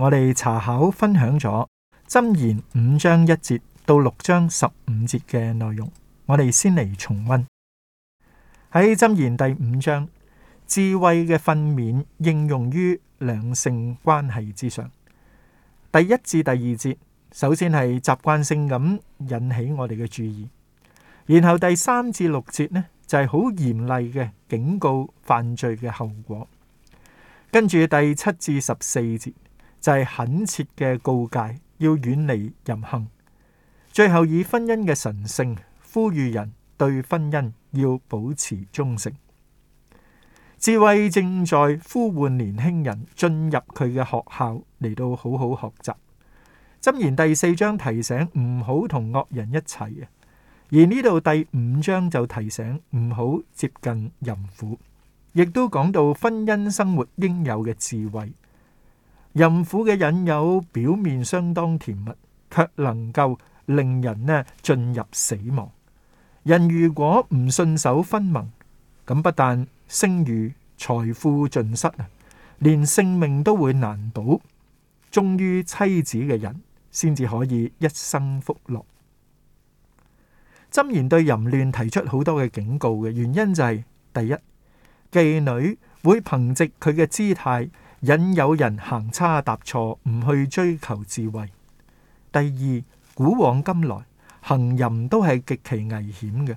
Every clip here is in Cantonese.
我哋查考分享咗《箴言》五章一節到六章十五節嘅內容，我哋先嚟重温喺《箴言》第五章，智慧嘅訓勉應用於兩性關係之上。第一至第二節，首先係習慣性咁引起我哋嘅注意，然後第三至六節呢就係好嚴厲嘅警告犯罪嘅後果，跟住第七至十四節。就係懇切嘅告誡，要遠離淫行。最後以婚姻嘅神聖呼籲人對婚姻要保持忠誠。智慧正在呼喚年輕人進入佢嘅學校嚟到好好學習。箴言第四章提醒唔好同惡人一齊啊，而呢度第五章就提醒唔好接近淫婦，亦都講到婚姻生活應有嘅智慧。淫婦嘅引誘，表面相當甜蜜，卻能夠令人呢進入死亡。人如果唔順手分盟，咁不但聲譽、財富盡失啊，連性命都會難保。忠於妻子嘅人，先至可以一生福樂。箴言對淫亂提出好多嘅警告嘅原因就係：第一，妓女會憑借佢嘅姿態。引誘人行差踏錯，唔去追求智慧。第二，古往今來，行淫都係極其危險嘅，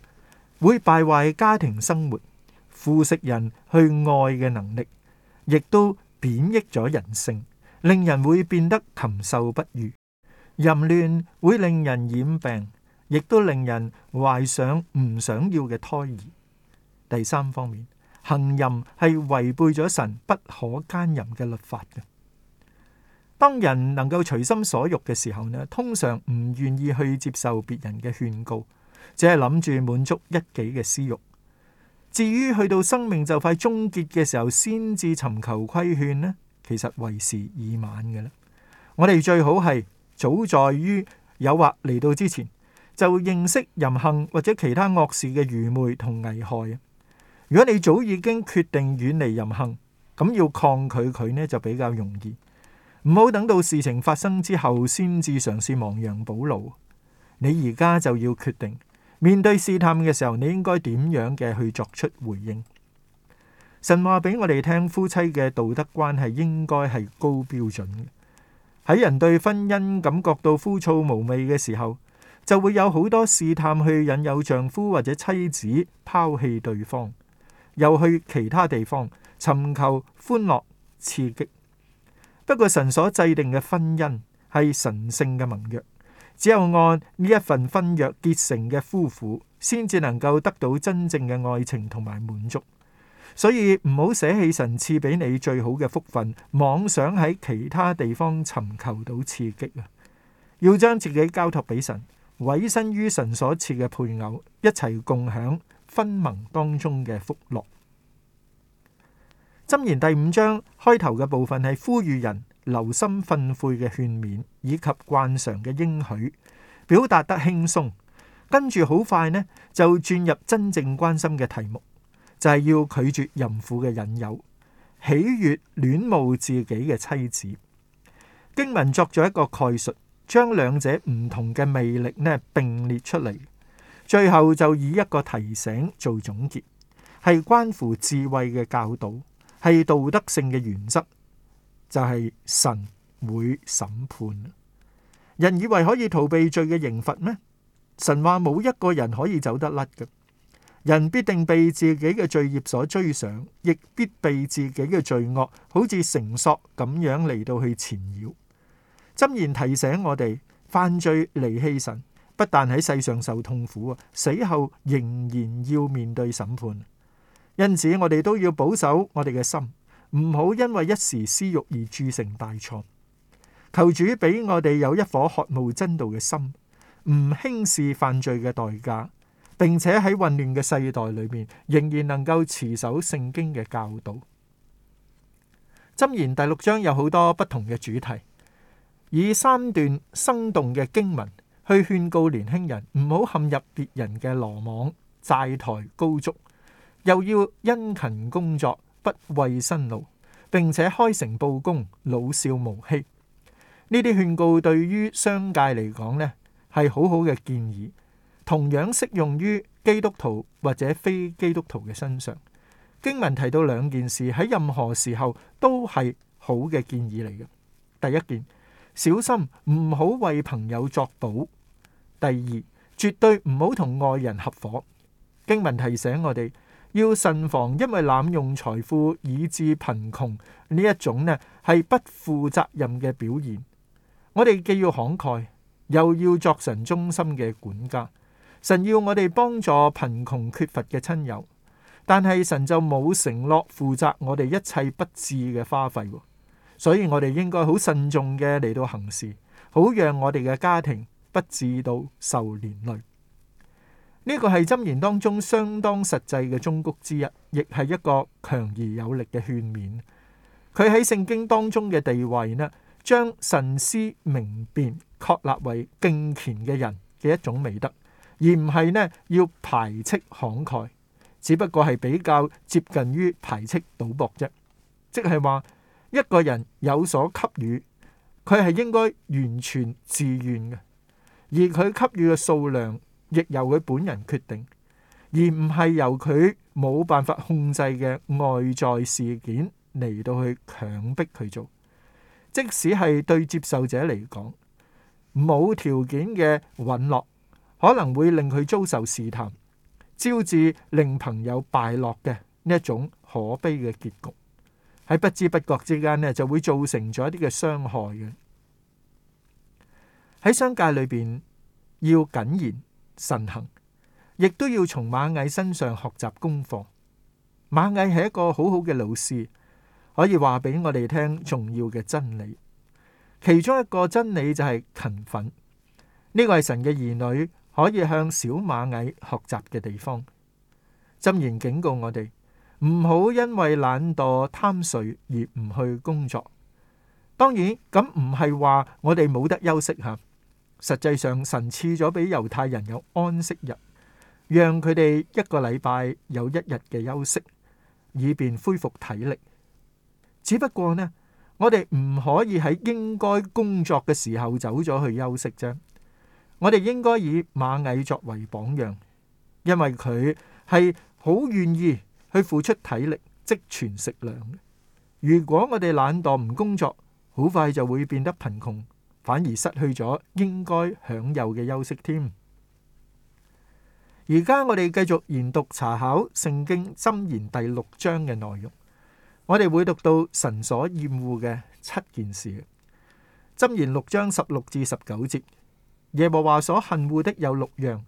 會敗壞家庭生活，腐蝕人去愛嘅能力，亦都貶抑咗人性，令人會變得禽獸不如。淫亂會令人染病，亦都令人懷上唔想要嘅胎兒。第三方面。行淫係違背咗神不可姦淫嘅律法嘅。當人能夠隨心所欲嘅時候呢，通常唔願意去接受別人嘅勸告，只係諗住滿足一己嘅私慾。至於去到生命就快終結嘅時候，先至尋求規勸呢，其實為時已晚嘅啦。我哋最好係早在於誘惑嚟到之前，就認識淫行或者其他惡事嘅愚昧同危害啊。如果你早已經決定遠離淫行，咁要抗拒佢呢，就比較容易。唔好等到事情發生之後先至嘗試亡羊補牢。你而家就要決定，面對試探嘅時候，你應該點樣嘅去作出回應。神話俾我哋聽，夫妻嘅道德關係應該係高標準嘅。喺人對婚姻感覺到枯燥無味嘅時候，就會有好多試探去引誘丈夫或者妻子拋棄對方。又去其他地方尋求歡樂刺激，不過神所制定嘅婚姻係神聖嘅盟約，只有按呢一份婚約結成嘅夫婦，先至能夠得到真正嘅愛情同埋滿足。所以唔好捨棄神賜俾你最好嘅福分，妄想喺其他地方尋求到刺激啊！要將自己交託俾神，委身於神所賜嘅配偶，一齊共享。婚盟當中嘅福樂。箴言第五章開頭嘅部分係呼籲人留心訓誨嘅勸勉，以及慣常嘅應許，表達得輕鬆。跟住好快呢，就轉入真正關心嘅題目，就係要拒絕淫婦嘅引誘，喜悅戀慕自己嘅妻子。經文作咗一個概述，將兩者唔同嘅魅力呢並列出嚟。最後就以一個提醒做總結，係關乎智慧嘅教導，係道德性嘅原則，就係神會審判。人以為可以逃避罪嘅刑罰咩？神話，冇一個人可以走得甩嘅，人必定被自己嘅罪孽所追上，亦必被自己嘅罪惡好似繩索咁樣嚟到去纏繞。箴言提醒我哋，犯罪離棄神。不但喺世上受痛苦啊，死後仍然要面對審判。因此，我哋都要保守我哋嘅心，唔好因為一時私欲而鑄成大錯。求主俾我哋有一顆渴慕真道嘅心，唔輕視犯罪嘅代價，並且喺混亂嘅世代裏面仍然能夠持守聖經嘅教導。箴言第六章有好多不同嘅主題，以三段生動嘅經文，去勸告年輕人唔好陷入別人嘅羅網、債台高築，又要殷勤工作、不畏辛勞，並且開誠布公、老少無欺。呢啲勸告對於商界嚟講呢，係好好嘅建議，同樣適用於基督徒或者非基督徒嘅身上。經文提到兩件事喺任何時候都係好嘅建議嚟嘅。第一件，小心唔好為朋友作保。第二，絕對唔好同外人合夥。經文提醒我哋要慎防，因為濫用財富以致貧窮呢一種呢係不負責任嘅表現。我哋既要慷慨，又要作神忠心嘅管家。神要我哋幫助貧窮缺乏嘅親友，但係神就冇承諾負責我哋一切不智嘅花費，所以我哋應該好慎重嘅嚟到行事，好讓我哋嘅家庭，不至到受連累呢，這個係箴言當中相當實際嘅忠告之一，亦係一個強而有力嘅勸勉。佢喺聖經當中嘅地位呢，將神思明辨確立為敬虔嘅人嘅一種美德，而唔係呢要排斥慷慨，慨。只不過係比較接近於排斥賭博啫，即係話一個人有所給予，佢係應該完全自願嘅。而佢給予嘅數量，亦由佢本人決定，而唔係由佢冇辦法控制嘅外在事件嚟到去強迫佢做。即使係對接受者嚟講，冇條件嘅允諾，可能會令佢遭受試探，招致令朋友敗落嘅呢一種可悲嘅結局。喺不知不覺之間咧，就會造成咗一啲嘅傷害嘅。喺商界裏邊要謹言慎行，亦都要從螞蟻身上學習功課。螞蟻係一個好好嘅老師，可以話俾我哋聽重要嘅真理。其中一個真理就係勤奮，呢個係神嘅兒女可以向小螞蟻學習嘅地方，箴言警告我哋唔好因為懶惰貪睡而唔去工作。當然咁唔係話我哋冇得休息吓。實際上，神賜咗俾猶太人有安息日，讓佢哋一個禮拜有一日嘅休息，以便恢復體力。只不過呢，我哋唔可以喺應該工作嘅時候走咗去休息啫。我哋應該以螞蟻作為榜樣，因為佢係好願意去付出體力積存食糧嘅。如果我哋懶惰唔工作，好快就會變得貧窮。反而失去咗應該享有嘅休息，添。而家我哋繼續研讀查考《聖經》箴言第六章嘅內容，我哋會讀到神所厭惡嘅七件事。箴言六章十六至十九節，耶和華所恨惡的有六樣，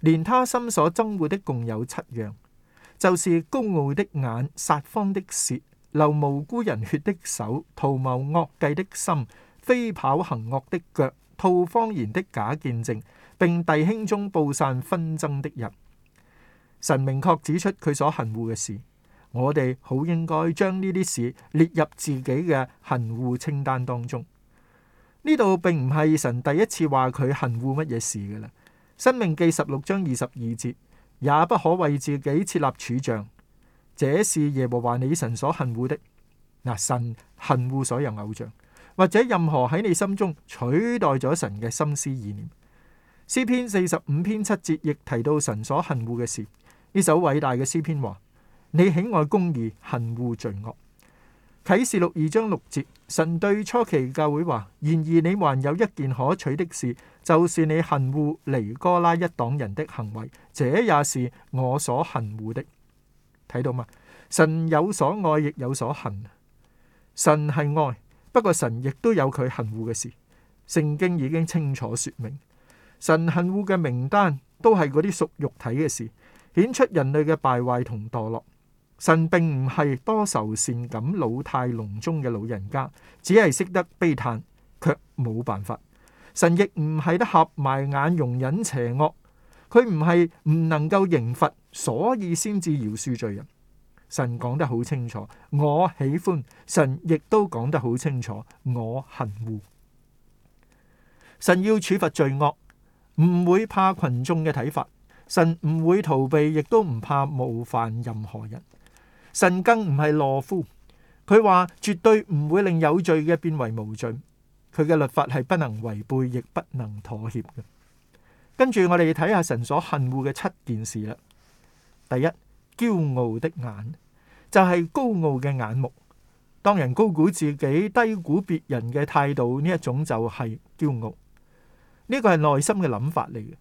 連他心所憎惡的共有七樣，就是高傲的眼、撒謊的舌、流無辜人血的手、圖謀惡計的心。飛跑行惡的腳，吐謊言的假見證，並弟兄中布散紛爭的人。神明確指出佢所恨惡嘅事，我哋好應該將呢啲事列入自己嘅恨惡清單當中。呢度並唔係神第一次話佢恨惡乜嘢事噶啦。申命記十六章二十二節，也不可為自己設立柱像。這是耶和華你神所恨惡的。嗱，神恨惡所有偶像。或者任何喺你心中取代咗神嘅心思意念。詩篇四十五篇七節亦提到神所恨惡嘅事。呢首偉大嘅詩篇話：你喜愛公義，恨惡罪惡。啟示錄二章六節，神對初期教會話：然而你還有一件可取的事，就是你恨惡尼哥拉一黨人的行為，這也是我所恨惡的。睇到嘛？神有所愛，亦有所恨。神係愛。不過神亦都有佢恨惡嘅事，聖經已經清楚說明，神恨惡嘅名單都係嗰啲屬肉體嘅事，顯出人類嘅敗壞同墮落。神並唔係多愁善感、老態龍鍾嘅老人家，只係識得悲嘆，卻冇辦法。神亦唔係得合埋眼容忍邪惡，佢唔係唔能夠刑罰，所以先至饒恕罪人。神講得好清楚，我喜歡。神亦都講得好清楚，我恨惡。神要處罰罪惡，唔會怕群眾嘅睇法，神唔會逃避，亦都唔怕冒犯任何人。神更唔係懦夫，佢話絕對唔會令有罪嘅變為無罪，佢嘅律法係不能違背，亦不能妥協嘅。跟住我哋睇下神所恨惡嘅七件事啦，第一。驕傲的眼就係、是、高傲嘅眼目，當人高估自己、低估別人嘅態度呢一種就係驕傲。呢、呢個係內心嘅諗法嚟嘅，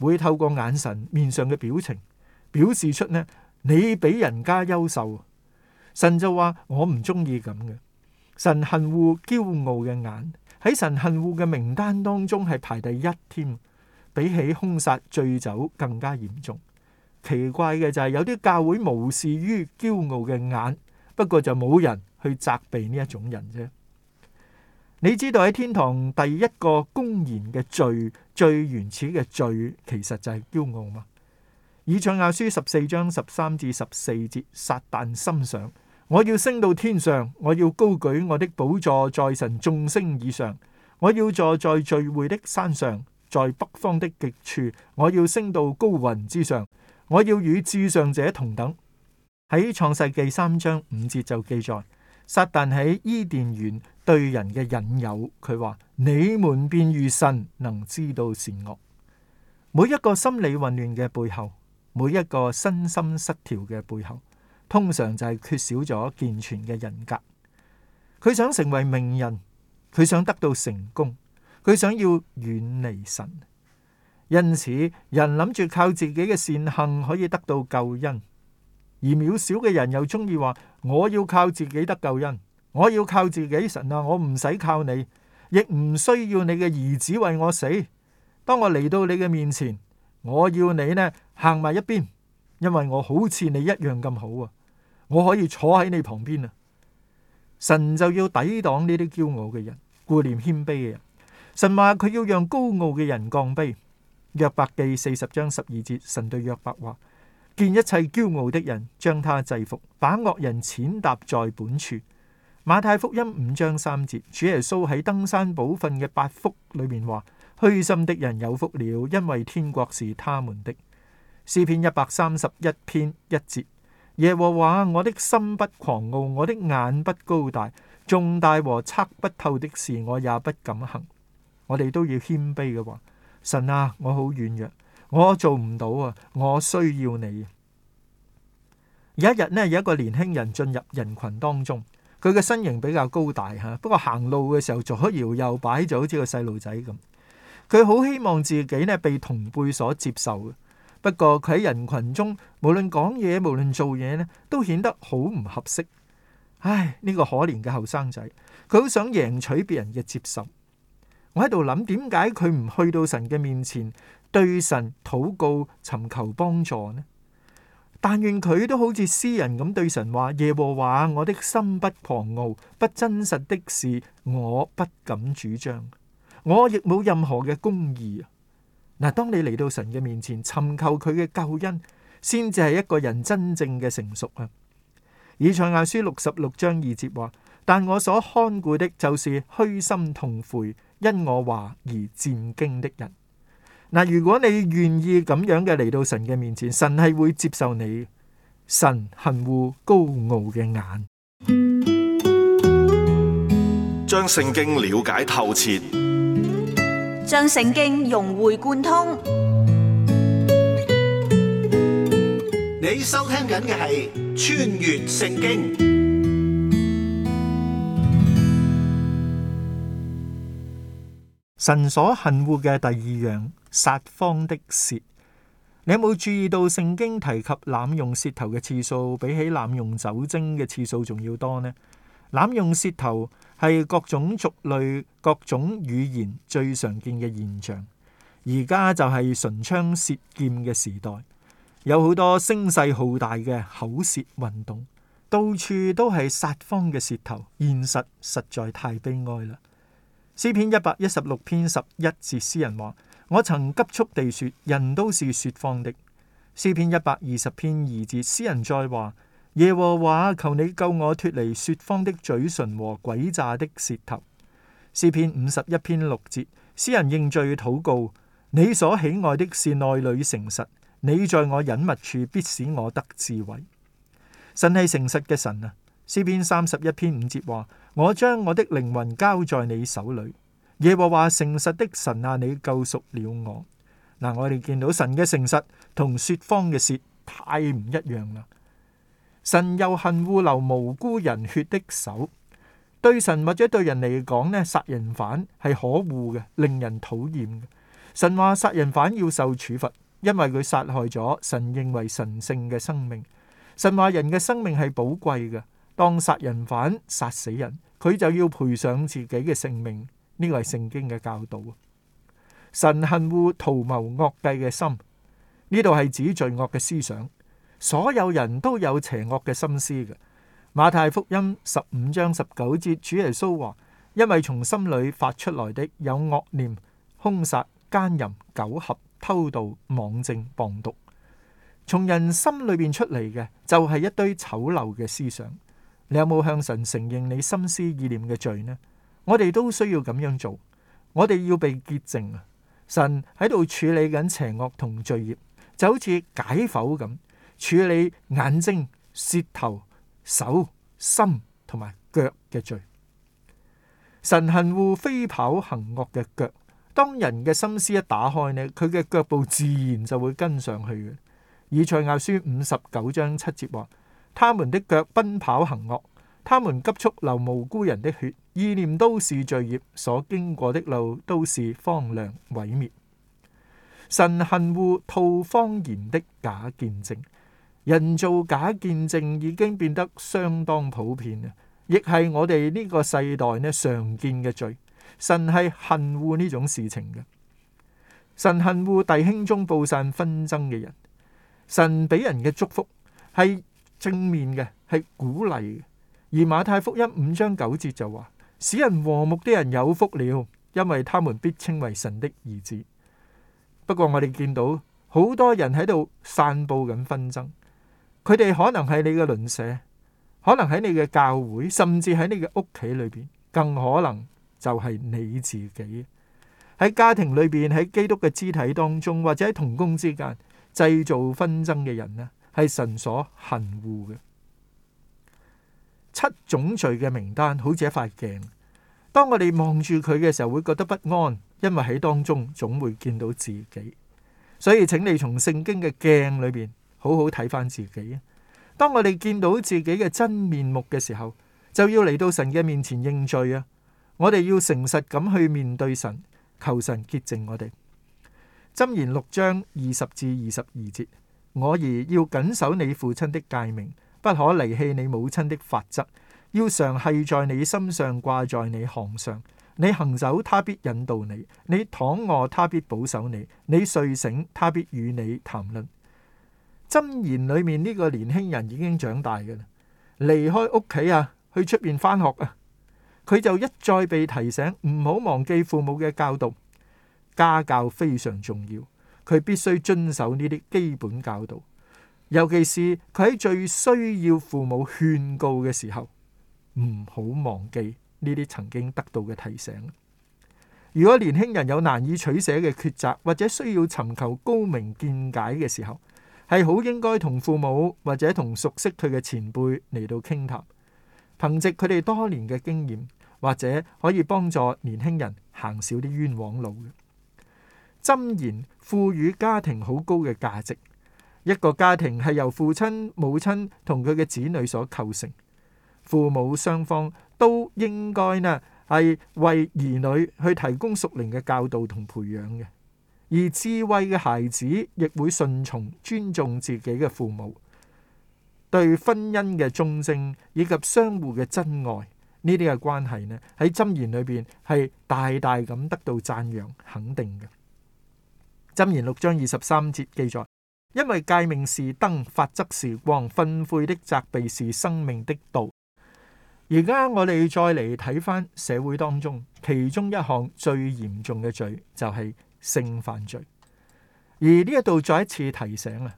會透過眼神、面上嘅表情表示出呢你比人家優秀。神就話我唔中意咁嘅，神恨惡驕傲嘅眼喺神恨惡嘅名單當中係排第一添，比起凶殺、醉酒更加嚴重。奇怪嘅就係有啲教會無視於驕傲嘅眼，不過就冇人去責備呢一種人啫。你知道喺天堂第一個公然嘅罪，最原始嘅罪，其實就係驕傲嘛。以賽亞書十四章十三至十四節，撒旦心想：我要升到天上，我要高舉我的寶座在神眾星以上，我要坐在聚會的山上，在北方的極處，我要升到高雲之上。我要與至上者同等。喺創世記三章五節就記載，撒旦喺伊甸園對人嘅引誘，佢話：你們便如神，能知道善惡。每一個心理混亂嘅背後，每一個身心失調嘅背後，通常就係缺少咗健全嘅人格。佢想成為名人，佢想得到成功，佢想要遠離神。因此，人諗住靠自己嘅善行可以得到救恩，而渺小嘅人又中意話：我要靠自己得救恩，我要靠自己。神啊，我唔使靠你，亦唔需要你嘅兒子為我死。當我嚟到你嘅面前，我要你呢行埋一邊，因為我好似你一樣咁好啊！我可以坐喺你旁邊啊。神就要抵擋呢啲驕傲嘅人，顧念謙卑嘅人。神話佢要讓高傲嘅人降卑。約伯記四十章十二節，神對約伯話：見一切驕傲的人，將他制服，把惡人踐踏在本處。馬太福音五章三節，主耶穌喺登山寶訓嘅八福裏面話：虛心的人有福了，因為天國是他們的。詩篇一百三十一篇一節：耶和華，我的心不狂傲，我的眼不高大，重大和測不透的事，我也不敢行。我哋都要謙卑嘅話。神啊，我好軟弱，我做唔到啊，我需要你。有一日呢，有一個年輕人進入人群當中，佢嘅身形比較高大吓，不過行路嘅時候左搖右擺，就好似個細路仔咁。佢好希望自己呢被同輩所接受嘅，不過佢喺人群中，無論講嘢，無論做嘢呢，都顯得好唔合適。唉，呢個可憐嘅後生仔，佢好想贏取別人嘅接受。我喺度諗，點解佢唔去到神嘅面前對神禱告，尋求幫助呢？但願佢都好似詩人咁對神話：耶和華，我的心不狂傲，不真實的事我不敢主張，我亦冇任何嘅公義。嗱，當你嚟到神嘅面前，尋求佢嘅救恩，先至係一個人真正嘅成熟啊！以賽亞書六十六章二節話：但我所看顧的，就是虛心痛悔。因我話而戰驚的人，嗱，如果你願意咁樣嘅嚟到神嘅面前，神係會接受你。神恨惡高傲嘅眼，將聖經了解透徹，嗯，將聖經融會貫通。你收聽緊嘅係《穿越聖經》。神所恨惡嘅第二樣，撒謊的舌。你有冇注意到聖經提及濫用舌頭嘅次數，比起濫用酒精嘅次數仲要多呢？濫用舌頭係各種族類、各種語言最常見嘅現象。而家就係唇槍舌，舌劍嘅時代，有好多聲勢浩大嘅口舌運動，到處都係撒謊嘅舌頭。現實實在太悲哀啦！詩篇一百一十六篇十一節，詩人話：我曾急速地說，人都是說謊的。詩篇一百二十篇二節，詩人再話：耶和華，求你救我脫離說謊的嘴脣和詭詐的舌頭。詩篇五十一篇六節，詩人認罪禱告：你所喜愛的是內裏誠實，你在我隱密處必使我得智慧。神係誠實嘅神啊！詩篇三十一篇五節話：我將我的靈魂交在你手裏，耶和華誠實的神啊，你救贖了我。嗱，我哋見到神嘅誠實同說謊嘅舌太唔一樣啦。神又恨惡流無辜人血的手。對神或者對人嚟講呢，殺人犯係可惡嘅，令人討厭嘅。神話殺人犯要受處罰，因為佢殺害咗神認為神聖嘅生命。神話人嘅生命係寶貴嘅。當殺人犯殺死人，佢就要賠上自己嘅性命。呢個係聖經嘅教導。神恨惡圖謀惡計嘅心，呢度係指罪惡嘅思想。所有人都有邪惡嘅心思嘅。馬太福音十五章十九節，主耶穌話：因為從心裏發出來的有惡念、兇殺、奸淫、苟合、偷盜、妄證、謗讟，從人心裏面出嚟嘅就係、是、一堆醜陋嘅思想。你有冇向神承認你心思意念嘅罪呢？我哋都需要咁樣做，我哋要被潔淨啊！神喺度處理緊邪惡同罪孽，就好似解剖咁處理眼睛、舌頭、手、心同埋腳嘅罪。神恨惡飛跑行惡嘅腳。當人嘅心思一打開呢，佢嘅腳步自然就會跟上去嘅。以賽亞書五十九章七節話。他們的腳奔跑行惡，他們急速流無辜人的血，意念都是罪孽，所經過的路都是荒涼毀滅。神恨惡吐謊言的假見證，人造假見證已經變得相當普遍，亦係我哋呢個世代呢常見嘅罪。神係恨惡呢種事情嘅，神恨惡弟兄中布散紛爭嘅人。神俾人嘅祝福係。正面嘅係鼓勵，而馬太福音五章九節就話：使人和睦的人有福了，因為他們必稱為神的兒子。不過我哋見到好多人喺度散布緊紛爭，佢哋可能係你嘅鄰舍，可能喺你嘅教會，甚至喺你嘅屋企裏邊，更可能就係你自己。喺家庭裏邊，喺基督嘅肢體當中，或者喺同工之間製造紛爭嘅人咧，係神所恨惡嘅七種罪嘅名單，好似一塊鏡。當我哋望住佢嘅時候，會覺得不安，因為喺當中總會見到自己。所以，請你從聖經嘅鏡裏邊好好睇翻自己啊！當我哋見到自己嘅真面目嘅時候，就要嚟到神嘅面前認罪啊！我哋要誠實咁去面對神，求神潔淨我哋。箴言六章二十至二十二節。我兒要謹守你父親的誡命，不可離棄你母親的法則，要常繫在你心上，掛在你項上。你行走，他必引導你；你躺臥，他必保守你；你睡醒，他必與你談論。箴言裏面呢個年輕人已經長大嘅啦，離開屋企啊，去出邊返學啊，佢就一再被提醒唔好忘記父母嘅教導，家教非常重要。佢必須遵守呢啲基本教導，尤其是佢喺最需要父母勸告嘅時候，唔好忘記呢啲曾經得到嘅提醒。如果年輕人有難以取捨嘅抉擇，或者需要尋求高明見解嘅時候，係好應該同父母或者同熟悉佢嘅前輩嚟到傾談，憑藉佢哋多年嘅經驗，或者可以幫助年輕人行少啲冤枉路。箴言賦予家庭好高嘅價值。一個家庭係由父親、母親同佢嘅子女所構成，父母雙方都應該呢係為兒女去提供屬靈嘅教導同培養嘅。而智慧嘅孩子亦會順從、尊重自己嘅父母。對婚姻嘅忠貞以及相互嘅珍愛呢啲嘅關係呢喺箴言裏邊係大大咁得到讚揚肯定嘅。箴言六章二十三節記載：因為誡命是燈，法則是光，訓誨的責備是生命的道。而家我哋再嚟睇翻社會當中，其中一項最嚴重嘅罪就係性犯罪。而呢一度再一次提醒啊，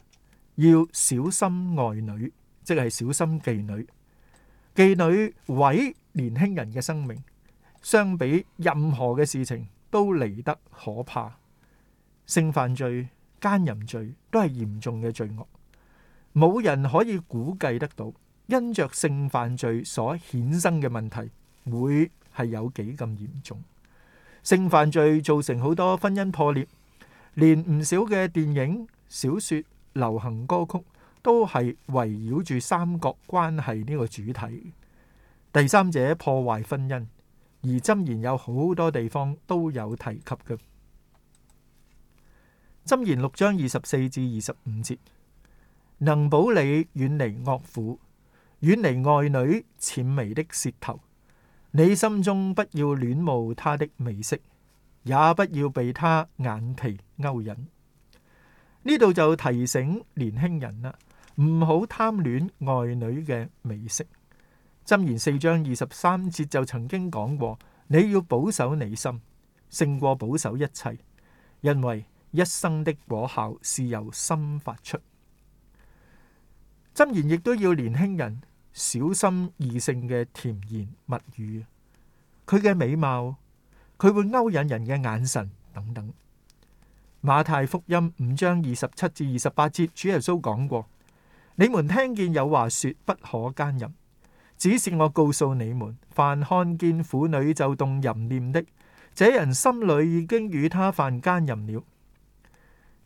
要小心外女，即係小心妓女。妓女毀年輕人嘅生命，相比任何嘅事情都嚟得可怕。性犯罪、奸淫罪都係嚴重嘅罪惡，冇人可以估計得到，因着性犯罪所衍生嘅問題會係有幾咁嚴重。性犯罪造成好多婚姻破裂，連唔少嘅電影、小説、流行歌曲都係圍繞住三角關係呢個主題，第三者破壞婚姻。而箴言有好多地方都有提及嘅。箴言六章二十四至二十五節，能保你遠離惡婦，遠離外女諂媚的舌頭。你心中不要戀慕她的美色，也不要被她眼皮勾引。呢度就提醒年輕人啦，唔好貪戀外女嘅美色。箴言四章二十三節就曾經講過，你要保守你心，勝過保守一切，因為，一生的果效是由心發出。箴言亦都要年輕人小心異性嘅甜言蜜語，佢嘅美貌，佢會勾引人嘅眼神等等。馬太福音五章二十七至二十八節，主耶穌講過：你們聽見有話說不可奸淫，只是我告訴你們，凡看見婦女就動淫念的，這人心裡已經與他犯奸淫了。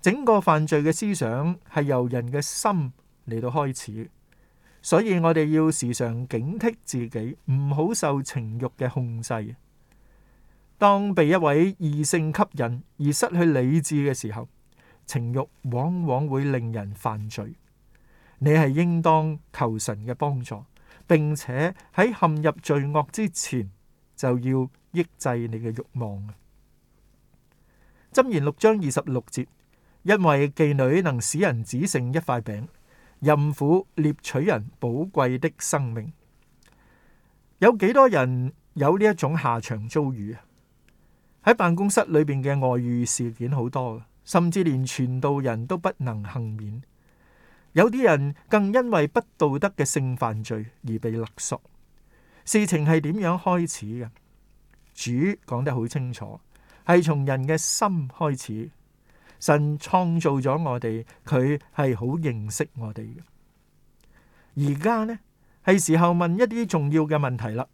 整個犯罪嘅思想係由人嘅心嚟到開始，所以我哋要時常警惕自己，唔好受情欲嘅控制。當被一位異性吸引而失去理智嘅時候，情欲往往會令人犯罪。你係應當求神嘅幫助，並且喺陷入罪惡之前就要抑制你嘅慾望啊。箴言六章二十六節。因為妓女能使人只剩一塊餅，淫婦掠取人寶貴的生命。有幾多人有呢一種下場遭遇啊？喺辦公室裏邊嘅外遇事件好多，甚至連傳道人都不能幸免。有啲人更因為不道德嘅性犯罪而被勒索。事情係點樣開始嘅？主講得好清楚，係從人嘅心開始。神創造咗我哋，佢係好認識我哋嘅。而家呢，係時候問一啲重要嘅問題啦。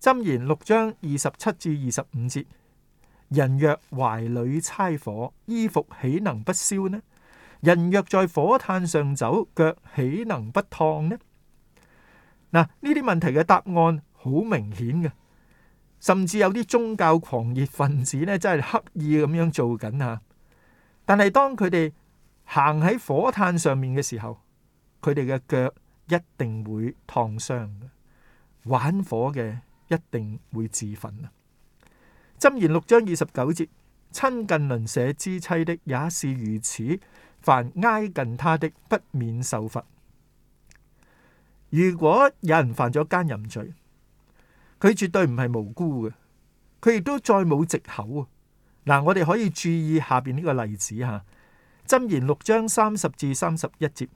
《箴言》六章二十七至二十五節：，人若懷裏差火，衣服豈能不燒呢？人若在火炭上走，腳豈能不燙呢？嗱，呢啲問題嘅答案好明顯嘅，甚至有啲宗教狂熱分子呢，真係刻意咁樣做緊啊！但係當佢哋行喺火炭上面嘅時候，佢哋嘅腳一定會燙傷，玩火嘅一定會自焚啊！箴言六章二十九節：親近鄰舍之妻的也是如此，凡挨近他的不免受罰。如果有人犯咗奸淫罪，佢絕對唔係無辜嘅，佢亦都再冇藉口。嗱，我哋可以注意下邊呢個例子吓，《箴言》六章三十至三十一節，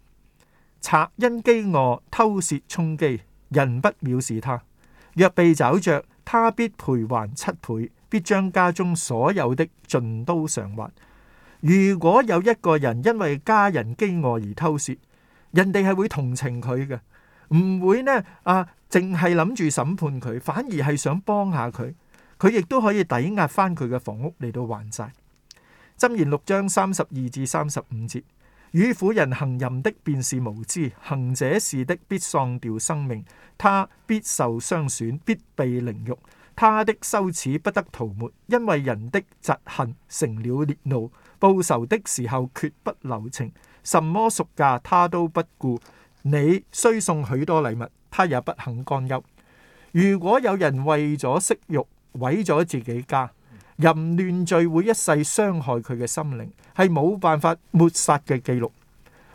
賊因飢餓偷竊充飢，人不藐視他；若被找着，他必賠還七倍，必將家中所有的盡都償還。如果有一個人因為家人飢餓而偷竊，人哋係會同情佢嘅，唔會呢？啊，淨係諗住審判佢，反而係想幫下佢。佢亦都可以抵押翻佢嘅房屋嚟到還債。箴言六章三十二至三十五節：「與婦人行淫的便是無知，行這事的必喪掉生命，他必受傷損，必被凌辱。他的羞恥不得塗抹，因為人的嫉恨成了烈怒，報仇的時候決不留情。什麼贖價他都不顧，你雖送許多禮物，他也不肯甘休。如果有人為咗色慾，毀咗自己家，淫亂罪會一世傷害佢嘅心靈，係冇辦法抹殺嘅記錄。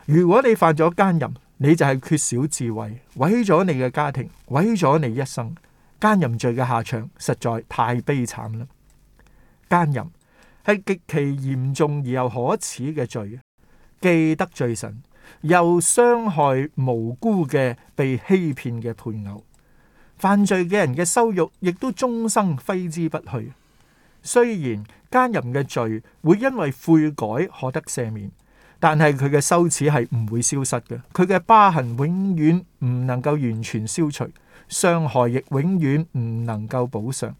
如果你犯咗奸淫，你就係缺少智慧，毀咗你嘅家庭，毀咗你一生。奸淫罪嘅下場實在太悲慘啦！奸淫係極其嚴重而又可恥嘅罪，既得罪神，又傷害無辜嘅被欺騙嘅配偶。犯罪嘅人嘅羞辱，亦都終生揮之不去。雖然奸淫嘅罪會因為悔改可得赦免，但係佢嘅羞恥係唔會消失嘅，佢嘅疤痕永遠唔能夠完全消除，傷害亦永遠唔能夠補償。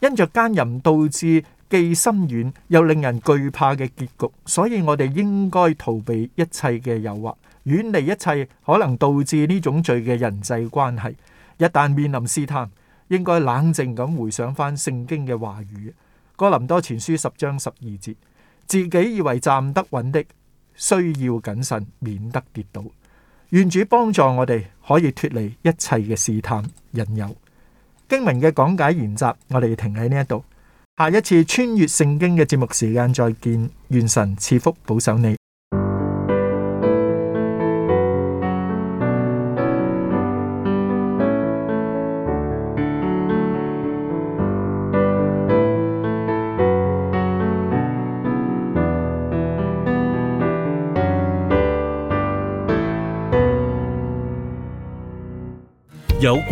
因着奸淫導致既深遠又令人懼怕嘅結局，所以我哋應該逃避一切嘅誘惑，遠離一切可能導致呢種罪嘅人際關係。一旦面臨試探，應該冷靜咁回想翻聖經嘅話語，《哥林多前書》十章十二節，自己以為站得穩的，需要謹慎，免得跌倒。願主幫助我哋可以脫離一切嘅試探引誘。經文嘅講解原則，我哋停喺呢一度。下一次穿越聖經嘅節目時間再見，願神賜福保守你。